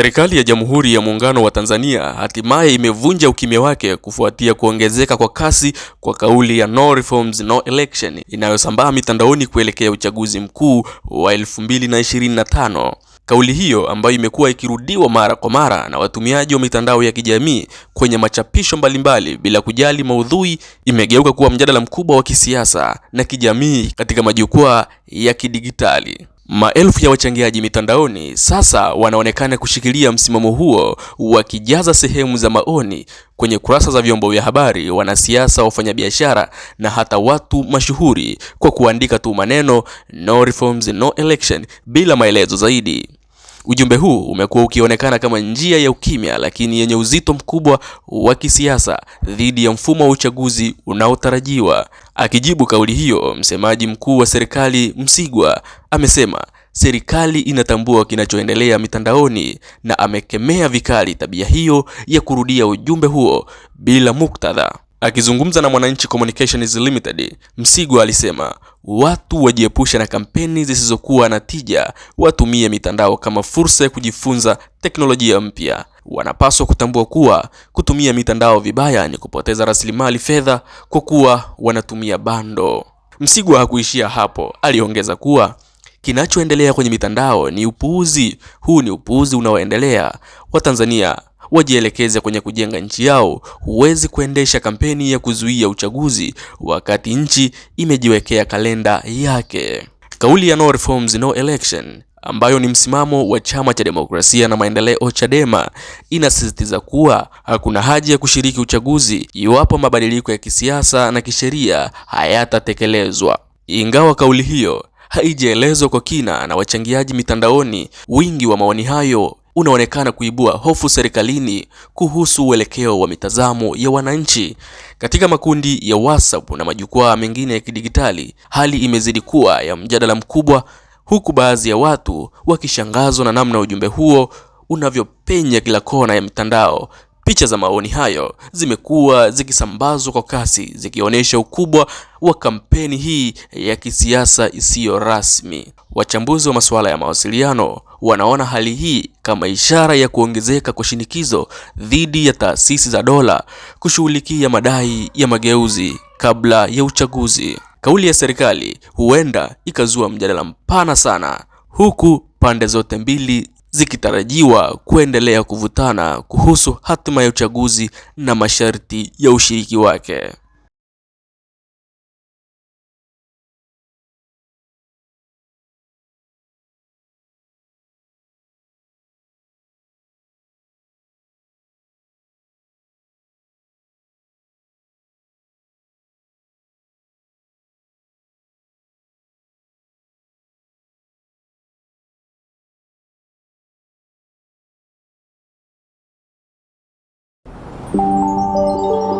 Serikali ya Jamhuri ya Muungano wa Tanzania hatimaye imevunja ukimya wake kufuatia kuongezeka kwa kasi kwa kauli ya no reforms no election inayosambaa mitandaoni kuelekea uchaguzi mkuu wa 2025. Kauli hiyo ambayo imekuwa ikirudiwa mara kwa mara na watumiaji wa mitandao ya kijamii kwenye machapisho mbalimbali bila kujali maudhui, imegeuka kuwa mjadala mkubwa wa kisiasa na kijamii katika majukwaa ya kidigitali. Maelfu ya wachangiaji mitandaoni sasa wanaonekana kushikilia msimamo huo, wakijaza sehemu za maoni kwenye kurasa za vyombo vya habari, wanasiasa, wafanyabiashara na hata watu mashuhuri kwa kuandika tu maneno no reforms, no election bila maelezo zaidi. Ujumbe huu umekuwa ukionekana kama njia ya ukimya lakini yenye uzito mkubwa wa kisiasa dhidi ya mfumo wa uchaguzi unaotarajiwa. Akijibu kauli hiyo, msemaji mkuu wa serikali Msigwa amesema serikali inatambua kinachoendelea mitandaoni na amekemea vikali tabia hiyo ya kurudia ujumbe huo bila muktadha. Akizungumza na Mwananchi Communications Limited, Msigwa alisema Watu wajiepushe na kampeni zisizokuwa na tija, watumie mitandao kama fursa ya kujifunza teknolojia mpya. Wanapaswa kutambua kuwa kutumia mitandao vibaya ni kupoteza rasilimali fedha kwa kuwa wanatumia bando. Msigwa hakuishia hapo, aliongeza kuwa kinachoendelea kwenye mitandao ni upuuzi. Huu ni upuuzi unaoendelea. Watanzania wajielekeze kwenye kujenga nchi yao. Huwezi kuendesha kampeni ya kuzuia uchaguzi wakati nchi imejiwekea kalenda yake. Kauli ya no reforms no election ambayo ni msimamo wa chama cha demokrasia na maendeleo Chadema inasisitiza kuwa hakuna haja ya kushiriki uchaguzi iwapo mabadiliko ya kisiasa na kisheria hayatatekelezwa. Ingawa kauli hiyo haijaelezwa kwa kina na wachangiaji mitandaoni, wingi wa maoni hayo unaonekana kuibua hofu serikalini kuhusu uelekeo wa mitazamo ya wananchi katika makundi ya WhatsApp na majukwaa mengine ya kidigitali. Hali imezidi kuwa ya mjadala mkubwa, huku baadhi ya watu wakishangazwa na namna ujumbe huo unavyopenya kila kona ya mitandao Picha za maoni hayo zimekuwa zikisambazwa kwa kasi zikionyesha ukubwa wa kampeni hii ya kisiasa isiyo rasmi. Wachambuzi wa masuala ya mawasiliano wanaona hali hii kama ishara ya kuongezeka kwa shinikizo dhidi ya taasisi za dola kushughulikia madai ya mageuzi kabla ya uchaguzi. Kauli ya serikali huenda ikazua mjadala mpana sana, huku pande zote mbili zikitarajiwa kuendelea kuvutana kuhusu hatima ya uchaguzi na masharti ya ushiriki wake. Música